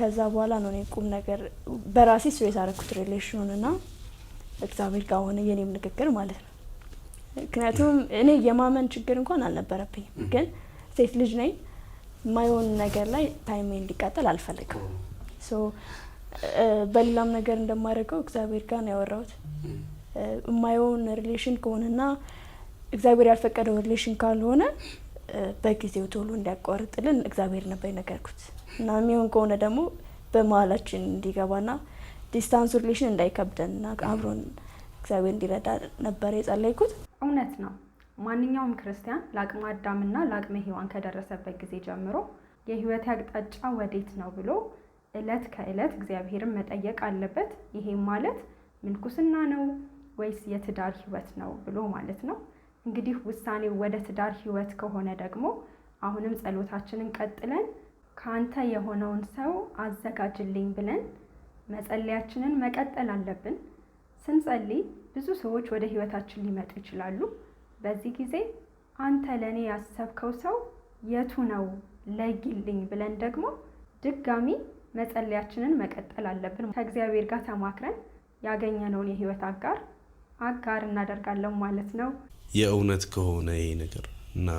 ከዛ በኋላ ነው ቁም ነገር በራሴ ስሬስ አረኩት ሪሌሽኑን እና እግዚአብሔር ጋር ሆነ የኔም ንግግር ማለት ነው። ምክንያቱም እኔ የማመን ችግር እንኳን አልነበረብኝም፣ ግን ሴት ልጅ ነኝ ማይሆን ነገር ላይ ታይም እንዲቃጠል አልፈልግም። ሶ በሌላም ነገር እንደማደርገው እግዚአብሔር ጋር ነው ያወራሁት። የማይሆን ሪሌሽን ከሆነና እግዚአብሔር ያልፈቀደው ሪሌሽን ካልሆነ በጊዜው ቶሎ እንዲያቋርጥልን እግዚአብሔር ነበር የነገርኩት እና የሚሆን ከሆነ ደግሞ በመሀላችን እንዲገባና ዲስታንስ ሪሌሽን እንዳይከብደንና አብሮን እግዚአብሔር እንዲረዳ ነበር የጸለይኩት። እውነት ነው። ማንኛውም ክርስቲያን ለአቅመ አዳምና ለአቅመ ሔዋን ከደረሰበት ጊዜ ጀምሮ የህይወት አቅጣጫ ወዴት ነው ብሎ እለት ከእለት እግዚአብሔርን መጠየቅ አለበት። ይሄም ማለት ምንኩስና ነው ወይስ የትዳር ህይወት ነው ብሎ ማለት ነው። እንግዲህ ውሳኔው ወደ ትዳር ህይወት ከሆነ ደግሞ አሁንም ጸሎታችንን ቀጥለን ከአንተ የሆነውን ሰው አዘጋጅልኝ ብለን መጸለያችንን መቀጠል አለብን። ስንጸልይ ብዙ ሰዎች ወደ ህይወታችን ሊመጡ ይችላሉ። በዚህ ጊዜ አንተ ለእኔ ያሰብከው ሰው የቱ ነው ለይልኝ ብለን ደግሞ ድጋሚ መጸለያችንን መቀጠል አለብን። ከእግዚአብሔር ጋር ተማክረን ያገኘነውን የህይወት አጋር አጋር እናደርጋለን ማለት ነው። የእውነት ከሆነ ይሄ ነገር እና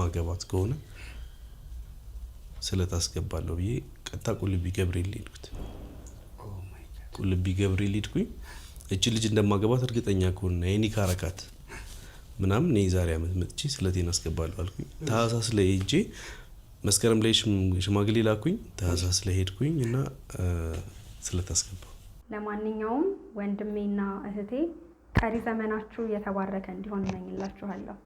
ማገባት ከሆነ ስለት አስገባለሁ ብዬ ቀጥታ ቁልቢ ገብርኤል ሄድኩት። ቁልቢ ገብርኤል ሄድኩኝ። እች ልጅ እንደማገባት እርግጠኛ ከሆነ የኔ ካረካት ምናምን እኔ ዛሬ ዓመት መጥቼ ስለቴን አስገባለሁ አልኩኝ። ታህሳስ ላይ ሄጄ መስከረም ላይ ሽማግሌ ላኩኝ። ታህሳስ ላይ ሄድኩኝ እና ስለት አስገባው። ለማንኛውም ወንድሜና እህቴ ቀሪ ዘመናችሁ የተባረከ እንዲሆን እመኝላችኋለሁ።